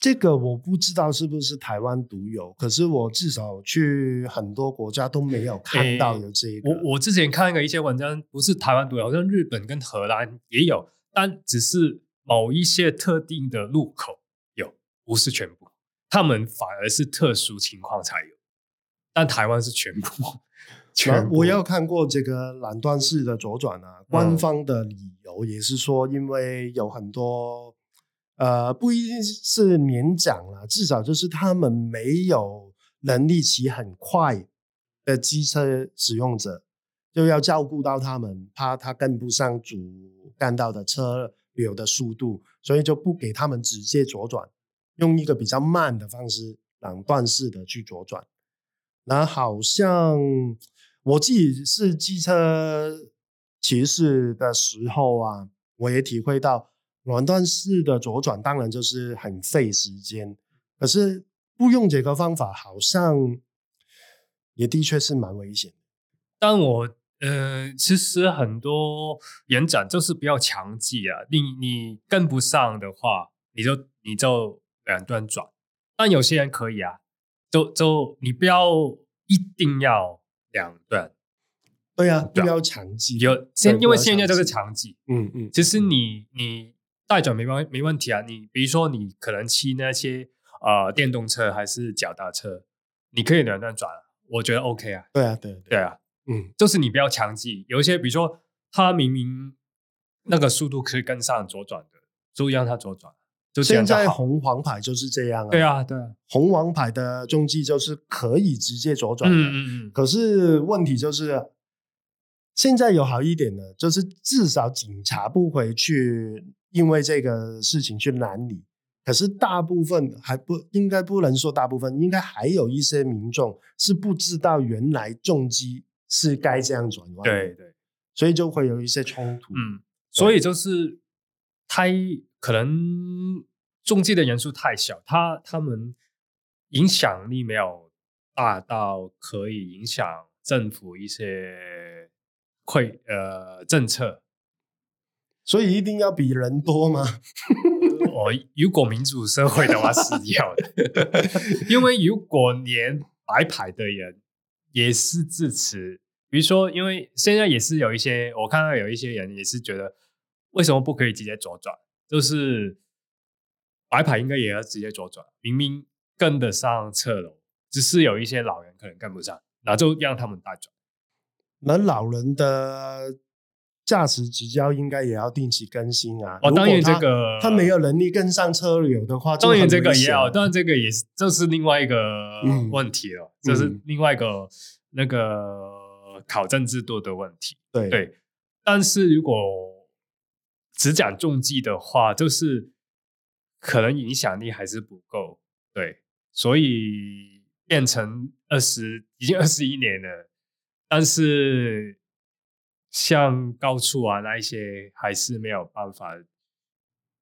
這個我不知道是不是台灣獨有，可是我至少去很多國家都沒有看到有這一個。欸，我我之前看過一些文章，不是台灣獨有，好像日本跟荷蘭也有，但只是某一些特定的路口有，不是全部。他們反而是特殊情況才有。但台灣是全部，全，我要看過這個兩段式的左轉啊。官方的理由也是說，因為有很多呃，不一定是年長啦，至少就是他們沒有能力騎很快的機車使用者，就要照顧到他們，怕他跟不上主幹道的車流的速度，所以就不給他們直接左轉，用一個比較慢的方式，兩段式的去左轉。那好像我自己是機車騎士的時候啊，我也體會到兩段式的左轉當然就是很費時間，可是不用這個方法，好像也的確是蠻危險。但我呃，其實很多延展就是比較強記啊，你你跟不上的話，你就你就兩段轉，但有些人可以啊。.都就，就你不要一定要兩段，對呀、啊，不要強制。有現，因為現在就是強制，嗯嗯。其實你你待轉沒關沒問題啊，你比如說你可能騎那些啊、呃、電動車還是腳踏車，你可以兩段轉，我覺得 OK 啊。對啊，對啊對，啊對啊，嗯，就是你不要強制。有一些比如說他明明那個速度可以跟上左轉的，就讓他左轉。現在紅黃牌就是這樣啊。對啊，對，紅黃牌的重機就是可以直接左轉的。嗯、可是問題就是，嗯、現在有好一點的，就是至少警察不會去因為這個事情去攔你。可是大部分還不應該不能說大部分，應該還有一些民眾是不知道原來重機是該這樣轉彎。對對。所以就會有一些衝突。嗯。所以，所以就是他。可能重機的人數太小，他他們影響力沒有大到可以影響政府一些會呃政策，所以一定要比人多嗎？我、 哦、如果民主社會的話是要的， 因為如果連白牌的人也是支持，比如說，因為現在也是有一些我看到有一些人也是覺得，為什麼不可以直接左轉？就是白牌應該也要直接左轉，明明跟得上車流，只是有一些老人可能跟不上，那就讓他們待轉。那老人的駕駛執照應該也要定期更新啊。哦，當然這個他，他沒有能力跟上車流的話就，當然這個也好，當然這個也是這是另外一個問題了，這、嗯就是另外一個那個考證制度的問題。嗯、對對，但是如果。只講重機的話，就是可能影響力還是不夠，對，所以變成二十，已經二十一年了，但是像高處啊那一些還是沒有辦法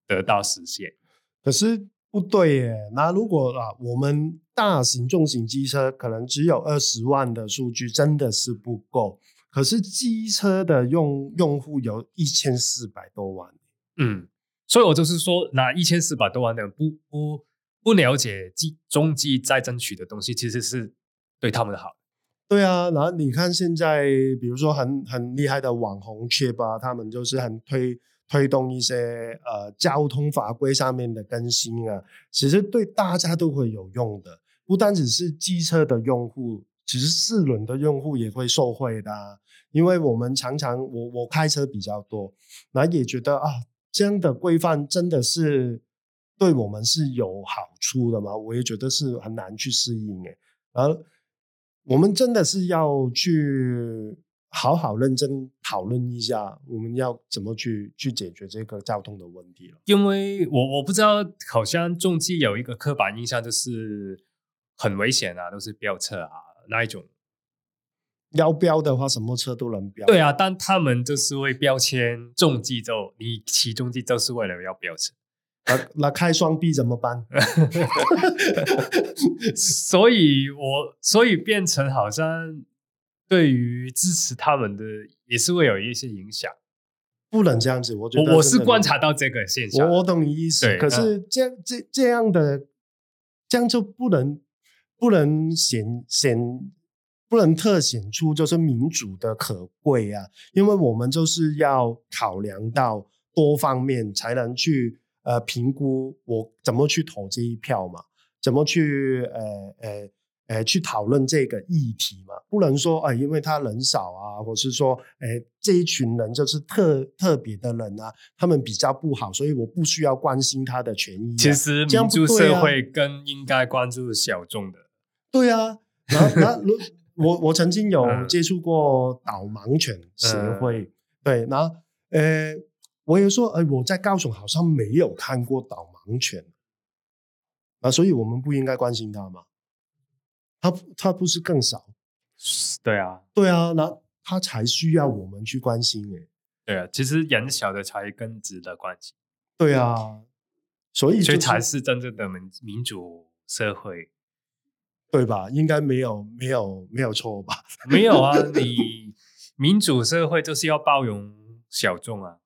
得到實現。可是不對耶，那如果啊，我們大型重型機車可能只有二十萬的數據，真的是不夠。可是機車的用用戶有一千四百多萬，嗯，所以我就是說，拿一千四百多萬那，不不不了解重機在爭取的東西，其實是對他們的好。對啊，然後你看現在，比如說很很厲害的網紅車吧、啊，他們就是很推推動一些呃交通法規上面的更新啊，其實對大家都會有用的，不單只是機車的用戶，其實四輪的用戶也會受惠的、啊。因為我們常常我我開車比較多，那也覺得啊，這樣的規範真的是對我們是有好處的嘛？我也覺得是很難去適應誒。而我們真的是要去好好認真討論一下，我們要怎麼去去解決這個交通的問題了？因為我我不知道，好像重機有一個刻板印象就是很危險啊，都是飆車啊那一種。要飆的話，什麼車都能飆。對啊，但他們就是會標籤重機之後、嗯，你騎重機就是為了要飆車，那那開雙 B 怎麼辦？ 所以我，我所以變成好像對於支持他們的也是會有一些影響。不能這樣子，我覺得我,我是觀察到這個現象。我,我懂你意思，可是這這、嗯、這樣的這樣就不能不能嫌嫌。嫌不能特顯出就是民主的可貴啊，因為我們就是要考量到多方面才能去呃評估我怎麼去投這一票嘛，怎麼去呃呃呃，呃去討論這個議題嘛。不能說、呃、因為他人少啊，或是說哎、呃、這一群人就是特特別的人啊，他們比較不好，所以我不需要關心他的權益、啊。其實民主社會更應該關注小眾的。對啊，然 後我我曾經有接觸過導盲犬協會、嗯嗯，對，那呃，我也說，哎、呃，我在高雄好像沒有看過導盲犬，啊，所以我們不應該關心他嗎？他它不是更少？對啊，對啊，那、嗯、他才需要我們去關心、欸，哎，對啊，其實人小的才更值得關心，對啊，嗯、所以、就是、所以才是真正的民民主社會。對吧？應該沒有沒有沒有錯吧？沒有啊！ 你民主社會就是要包容小眾啊。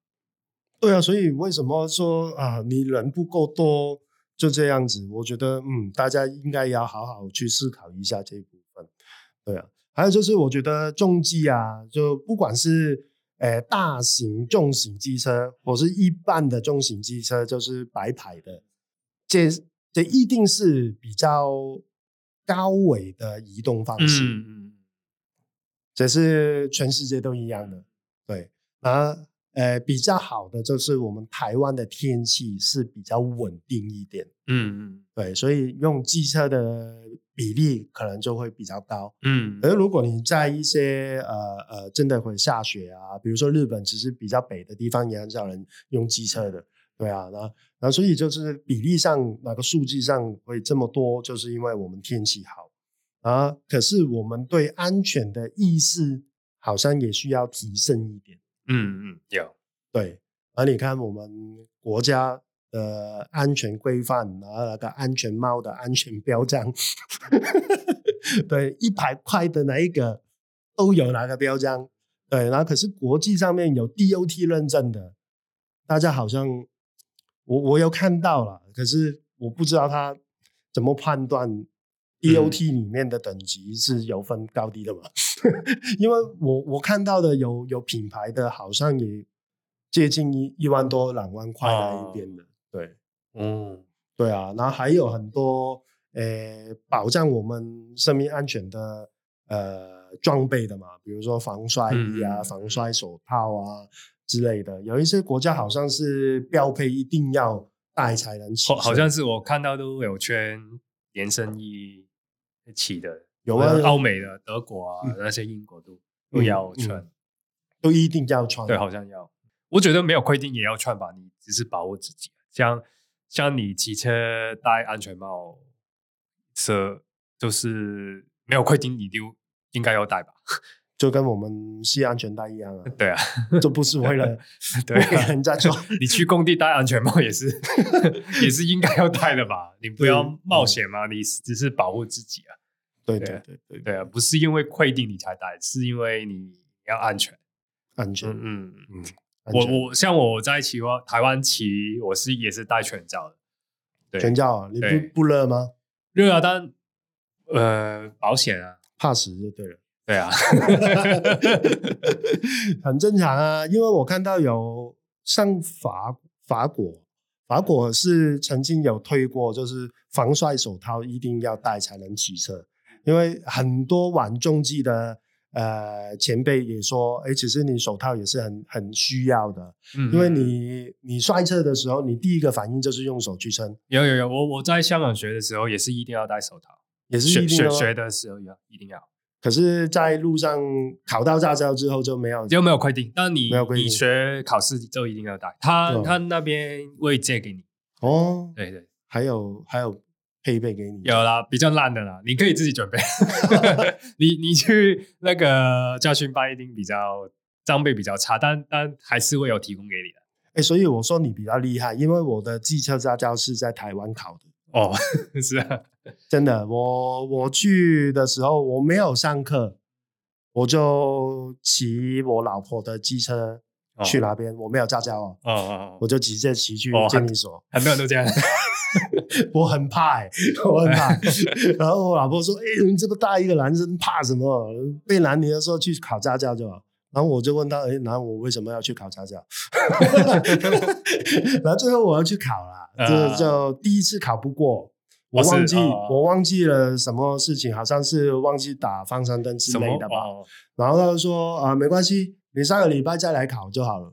對啊，所以為什麼說啊？你人不夠多就這樣子？我覺得嗯，大家應該要好好去思考一下這一部分。對啊，還有就是我覺得重機啊，就不管是、呃、大型重型機車，或是一般的重型機車，就是白牌的，這這一定是比較。高緯的移動方式，嗯嗯，這是全世界都一樣的，對。然後呃，比較好的就是我們台灣的天氣是比較穩定一點，嗯嗯，對，所以用機車的比例可能就會比較高，嗯。而如果你在一些、嗯、呃呃，真的會下雪啊，比如說日本，其實比較北的地方也很少人用機車的。對啊，然後所以就是比例上，哪、那個數據上會這麼多，就是因為我們天氣好啊。可是我們對安全的意識好像也需要提升一點。嗯嗯，有對。而你看我們國家的安全規範，啊，那個安全帽的安全標章， 對，一百塊的那一個都有那個標章。對，然後可是國際上面有 DOT 認證的，大家好像。我我有看到了，可是我不知道他怎麼判斷 E O T 裡面的等級是有分高低的嘛？嗯、 因為我我看到的有有品牌的好像也接近一一萬多兩萬塊一邊的，啊，對，嗯，對啊，然後還有很多，欸、保障我們生命安全的呃裝備的嘛，比如說防摔衣啊，嗯、防摔手套啊。之類的，有一些國家好像是標配，一定要戴才能騎。好像是我看到都有圈連身衣，一起的，有啊，歐美的、德國啊、嗯、那些英國都都要穿，嗯嗯，都一定要穿。對，好像要。我覺得沒有規定也要穿吧，你只是把握自己。像像你騎車戴安全帽，這就是沒有規定，你就應該要戴吧。 就跟我們繫安全帶一樣啊，對啊，這不是為了對,、啊對,啊對啊、人家說。你去工地戴安全帽也是， 也是應該要戴的吧？你不要冒險嘛，你只是保護自己啊。對對,啊對對對對,對啊，不是因為規定你才戴，是因為你要安全。安全，嗯嗯，嗯我我像我在一騎我台灣騎，我是也是戴全罩的。對全罩啊。你不不熱嗎？熱啊，但呃保險啊，怕死就對了。對啊， 很正常啊，因為我看到有上法法國，法國是曾經有推過，就是防摔手套一定要戴才能騎車，因為很多玩重機的呃前輩也說，哎、欸，其實你手套也是很很需要的，嗯，因為你你摔車的時候，你第一個反應就是用手去撐，有有有，我我在香港學的時候也是一定要戴手套，也是一定學的時候要一定要。可是，在路上考到駕照之後就沒有，就沒有規定。那你，你學考試就一定要帶。他、哦、他那邊會借給你哦，對，對對，還有還有配備給你。有啦，比較爛的啦，你可以自己準備。 你你去那個駕訓班一定比較裝備比較差，但但還是會有提供給你的。哎、欸，所以我說你比較厲害，因為我的機車駕照是在台灣考的。哦，是啊。真的，我我去的時候我沒有上課，我就騎我老婆的機車去那邊，哦、我沒有駕照哦，哦，哦，我就直接騎去監理所。很多人都這樣， 我很怕哎、欸，我很怕。 然後我老婆說：“哎、欸，你這麼大一個男生怕什麼？被攔你的時候去考駕照就好。”然後我就問她：欸「哎，那我為什麼要去考駕照？” 然後最後我要去考了，嗯啊，就就第一次考不過。我忘記、哦哦、我忘記了什麼事情，好像是忘記打方向燈之類的吧、哦。然後他就說：“啊、呃，沒關係，你上個禮拜再來考就好了。”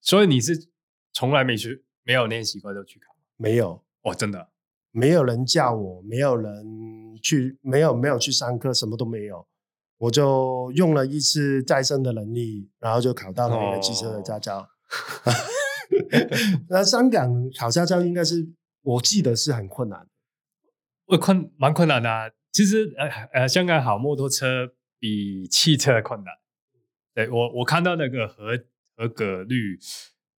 所以你是從來沒去，沒有練習過就去考？沒有，我、哦、真的沒有人叫我，沒有人去，沒有沒有去上課，什麼都沒有。我就用了一次再生的能力，然後就考到了一個汽車的駕照。哦、 那香港考駕照應該是 我記得是很困難。我困蠻困難的、啊，其實，呃，呃，香港好，摩托車比汽車困難。對我，我看到那個合合格率，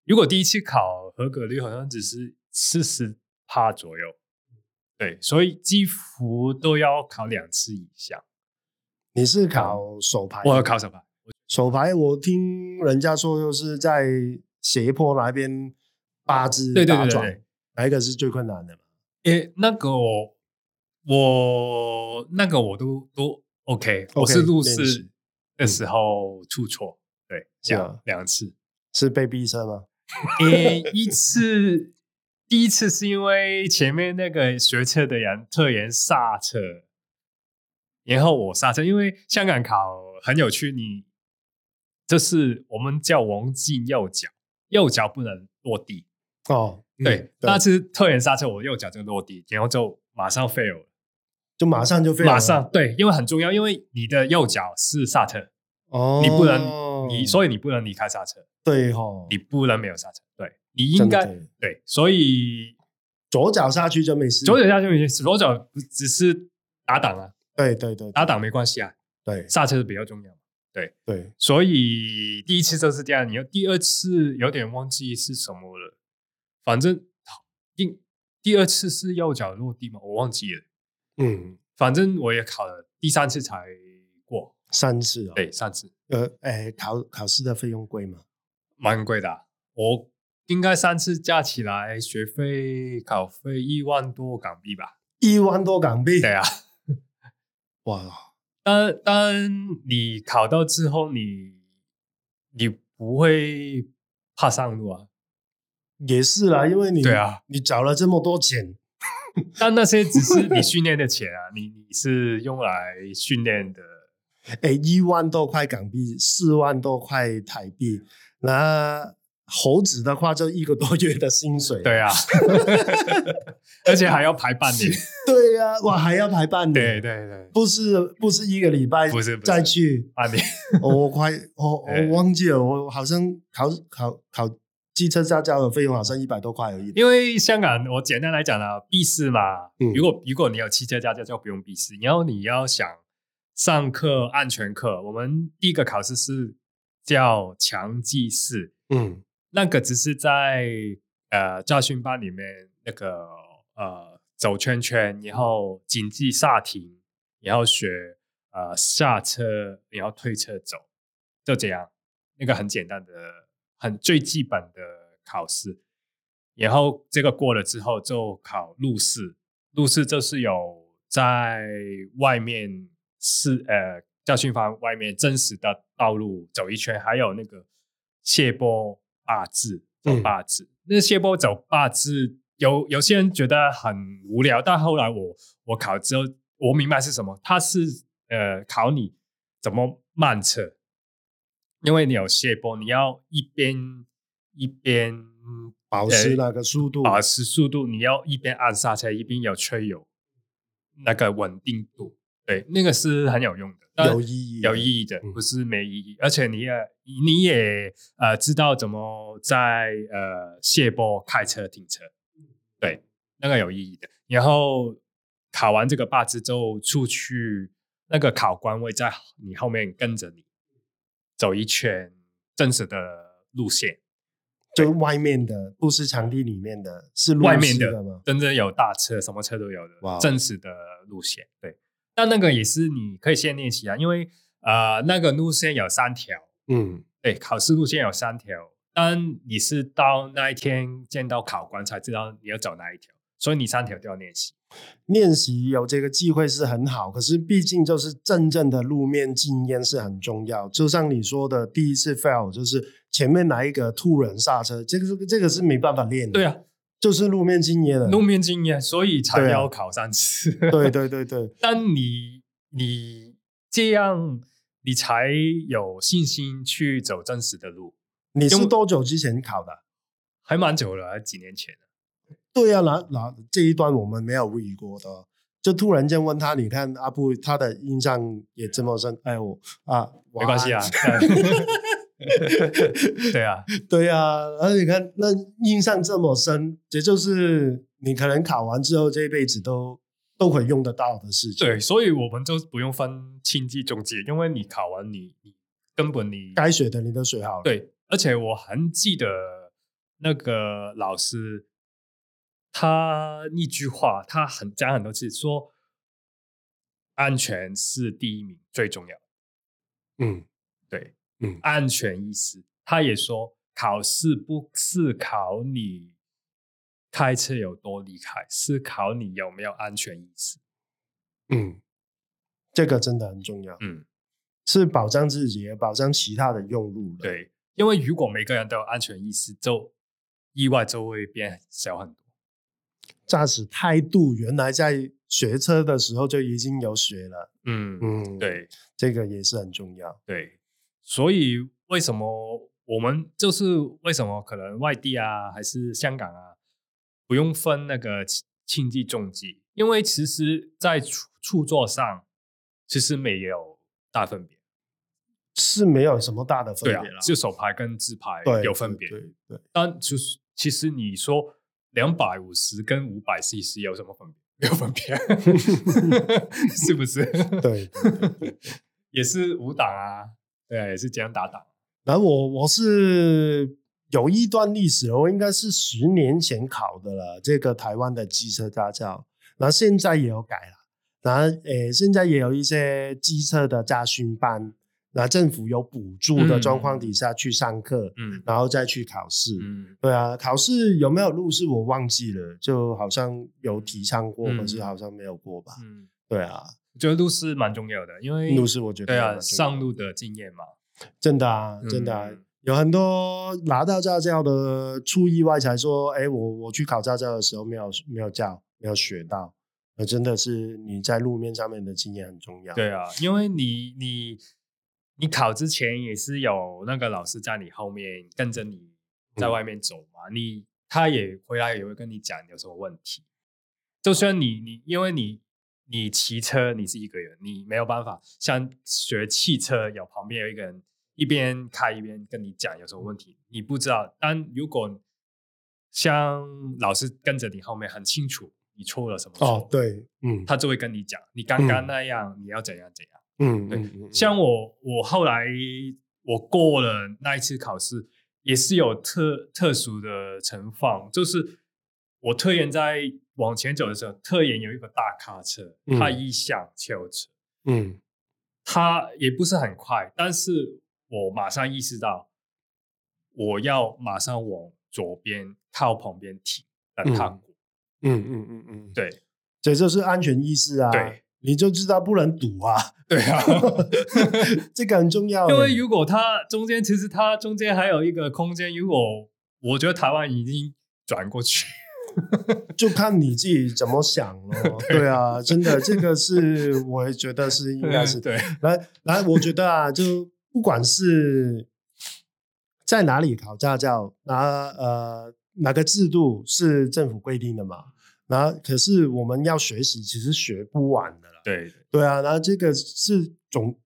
如果第一次考合格率，好像只是四十趴左右。對，所以幾乎都要考兩次以上。你是考手排、嗯？我考手排。手排，我聽人家說，就是在斜坡那邊八字八對對，對，對，對，對哪一個是最困難的？誒、欸，那個。我那個我都都 OK, OK，我是路試的時候出錯，嗯，對，樣，兩次是被逼車嗎？第、欸、一次 第一次是因為前面那個學車的人突然剎車，然後我剎車，因為香港考很有趣，你這是我們叫王進右腳，右腳不能落地哦，對，嗯、那次突然剎車，我右腳就落地，然後就馬上 fail 了。就馬上就飛了馬上，對，因為很重要，因為你的右腳是剎車，哦，你不能你，所以你不能離開剎車，對哦。你不能沒有剎車，對，你應該對，對，所以左腳下去就沒事，左腳下去就沒事，左腳只是打檔啊，對，對對對，打檔沒關係啊，對，剎車是比較重要，對對，所以第一次就是這樣，你要第二次有點忘記是什麼了，反正第第二次是右腳落地嘛，我忘記了。嗯，反正我也考了第三次才過，三次哦，對，三次。呃，哎、欸，考考試的費用貴嗎？蠻貴的。我應該三次加起來學費考費一萬多港幣吧？一萬多港幣。對啊。哇。當當你考到之後你，你你不會怕上路啊？也是啦，因為你對啊，你找了這麼多錢。 但那些只是你訓練的錢啊，你你是用來訓練的。誒、欸，一萬多塊港幣，四萬多塊台幣。嗯、那猴子的話，就一個多月的薪水。對啊， 而且還要排半年。 對啊，我還要排半年。 對對對，不是不是一個禮拜，不是再去半年。 我快我我忘記了，我好像考考考。考機車駕照的費用好像一百多塊而已，嗯。因為香港，我簡單來講呢，筆試嘛，嗯，如果如果你有汽車駕照就不用筆試，然後你要想上課安全課，我們第一個考試是叫強記試，嗯，那個只是在呃，教訓班裡面那個呃，走圈圈，然後緊急煞停，然後學呃，下車，然後推車走，就這樣，那個很簡單的。很最基本的考試，然後這個過了之後就考路試，路試就是有在外面是呃，教訓房外面真實的道路走一圈，還有那個斜坡八字，走八字，那斜坡走八字有有些人覺得很無聊，但後來我我考之後我明白是什麼，它是呃考你怎麼慢車。因為你有斜坡，你要一邊一邊保持那個速度，保持速度，你要一邊按剎車，一邊有吹油，有那個穩定度，對，那個是很有用的，有意義，有意義的，嗯、不是沒意義。而且你也你也呃知道怎麼在呃斜坡開車停車，對，那個有意義的。然後考完這個八字之後出去，那個考官會在你後面跟着你。走一圈真實的路線，對，就外面的，不是場地裡面的是路的外面的真正有大車，什麼車都有的，真、wow. 實的路線。對，但那個也是你可以先練習啊，因為啊、呃、那個路線有三條，嗯，對，考試路線有三條，但你是到那一天見到考官才知道你要走哪一條。所以你三條都要練習，練習有這個機會是很好，可是畢竟就是真正的路面經驗是很重要。就像你說的，第一次 fail 就是前面來一個突然剎車，這個這個是沒辦法練的。對啊，就是路面經驗了，路面經驗，所以才要考三次。對啊，對對對對， 但你你這樣，你才有信心去走真實的路。你是多久之前考的？還蠻久了，幾年前對呀、啊，那這一段我們沒有讀過的，就突然間問他，你看阿布他的印象也這麼深，哎呦啊，沒關係啊， 對啊，對啊，然後你看那印象這麼深，也就是你可能考完之後這一輩子都都會用得到的事情。對，所以我們就不用分輕記重記，因為你考完你，根本你該學的你都學好了。對，而且我很記得那個老師。他一句話，他很講很多次說，安全是第一名，最重要。嗯，對，嗯，安全意識。他也說，考試不是考你開車有多厲害，是考你有沒有安全意識。嗯，這個真的很重要。嗯，是保障自己，也保障其他的用路的。對，因為如果每個人都有安全意識，就意外就會變小很多。駕駛態度，原來在學車的時候就已經有學了。嗯嗯，對，這個也是很重要。對，所以為什麼我們就是為什麼可能外地啊，還是香港啊，不用分那個輕機重機？因為其實在，在操作上其實沒有大分別，是沒有什麼大的分別了。就，啊啊、手排跟自排有分別。對對，對，對，但就是其實你說。兩百五十跟五百 CC 有什麼分別？沒有分別？ 是不是？ 對， 也是五檔啊，對啊，也是這樣打檔。然後我我是有一段歷史，我應該是十年前考的了，這個台灣的機車駕照。那現在也有改了，那誒、欸，現在也有一些機車的駕訓班。那、啊、政府有補助的狀況底下，嗯、去上課，嗯，然後再去考試，嗯，對啊，考試有沒有路試我忘記了，就好像有提倡過，嗯，可是好像沒有過吧，嗯，對啊，覺得路試蠻重要的，因為路試我覺得對啊，上路的經驗嘛，真的啊，真的，啊嗯，有很多拿到駕照的出意外才說，哎，欸，我我去考駕照的時候沒有沒有教沒有學到，那真的是你在路面上面的經驗很重要，對啊，因為你你。你考之前也是有那個老師在你後面跟着你，在外面走嘛、嗯？你他也回來也會跟你講有什麼問題。就算你你因為你你騎車你是一個人，你沒有辦法像學汽車有旁邊有一個人一邊開一邊跟你講有什麼問題，嗯、你不知道。但如果像老師跟着你後面，很清楚你錯了什麼錯，哦對，嗯，他就會跟你講，你剛剛那樣、嗯、你要怎樣怎樣。嗯，對，像我，我後來我過了那一次考試，也是有特特殊的情況，就是我突然在往前走的時候，突然有一個大卡車，它一響，轎、嗯、車，嗯，它也不是很快，但是我馬上意識到我要馬上往左邊靠旁邊停，來看。嗯嗯嗯嗯，嗯，對，這這是安全意識啊。對。你就知道不能賭啊，對啊， 這個很重要。 因為如果它中間，其實它中間還有一個空間。如果我覺得台灣已經轉過去，就看你自己怎麼想了。 對，對啊，真的，這個是我也覺得是應該是 對來。來來，我覺得啊，就不管是在哪裡考駕照，哪、啊、呃哪個制度是政府規定的嘛。那可是我們要學習，其實學不完的對對，對啊，那這個是總，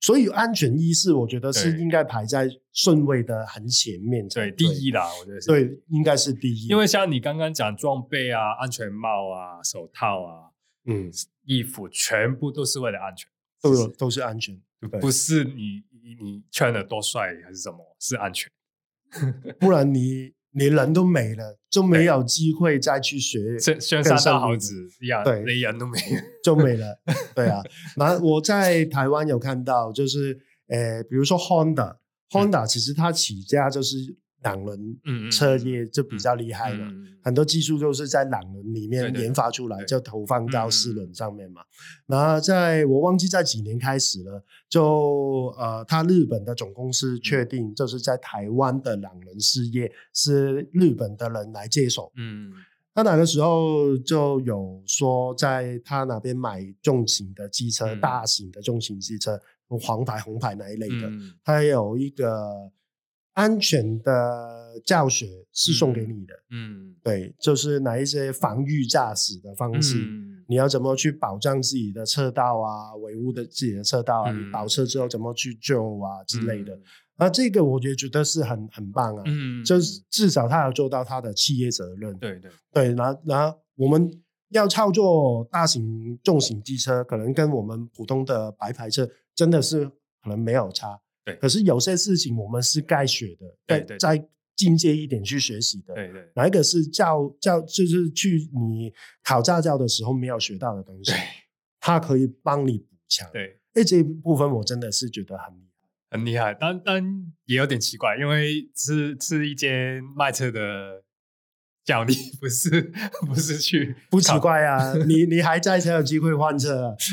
所以安全意識，我覺得是應該排在順位的很前面對。對，第一啦，我覺得是對，應該是第一。因為像你剛剛講裝備啊、安全帽啊、手套啊、嗯、衣服，全部都是為了安全，都是都是安全，對不是你你你穿的多帥還是什麼，是安全， 不然你。連人都沒了，就沒有機會再去學。像像像大猴子一樣，對，連人都沒了，就沒了。 對啊，那我在台灣有看到，就是，呃，比如說 Honda，Honda 其實它起家就是，兩輪車業就比較厲害了，很多技術都是在兩輪裡面研發出來，就投放到四輪上面嘛。然後在，我忘記在幾年開始了，就呃，他日本的總公司確定，就是在台灣的兩輪事業是日本的人來接手。嗯，他那個時候就有說，在他那邊買重型的機車，大型的重型機車，黃牌、紅牌那一類的，還有一個。安全的教學是送給你的，嗯，嗯對，就是哪一些防禦駕駛的方式、嗯，你要怎麼去保障自己的車道啊，維護的自己的車道，啊，嗯、你倒車之後怎麼去救啊之類的。嗯、那這個我覺得是很很棒啊，嗯，就是至少他要做到他的企業責任，對、嗯、對、嗯、對。然後然後我們要操作大型重型機車，可能跟我們普通的白牌車真的是可能沒有差。可是有些事情我們是該學的，對對，對，再進階一點去學習的，對，對對，哪一個是教教就是去你考駕照的時候沒有學到的東西，對，它可以幫你補強，對，哎、欸，這一部分我真的是覺得很厲害，很厲害，但但也有點奇怪，因為是是一間賣車的教你，不是不是去，不奇怪啊， 你你還在才有機會換車、啊。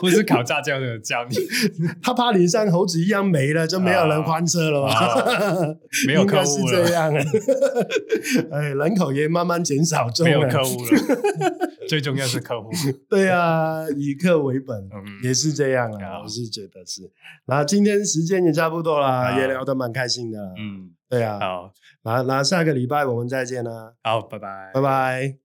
不是考駕照的教練， 他怕你像猴子一樣沒了，就沒有人翻車了吧、哦哦？沒有客戶了， 是這樣， 哎，人口也慢慢減少中了，沒有客戶了， 最重要是客戶。對啊，以客為本，嗯、也是這樣啊、哦，我是覺得是。那今天時間也差不多啦，哦、也聊得蠻開心的，嗯，對啊，好，那那下個禮拜我們再見啊，好，拜拜，拜拜。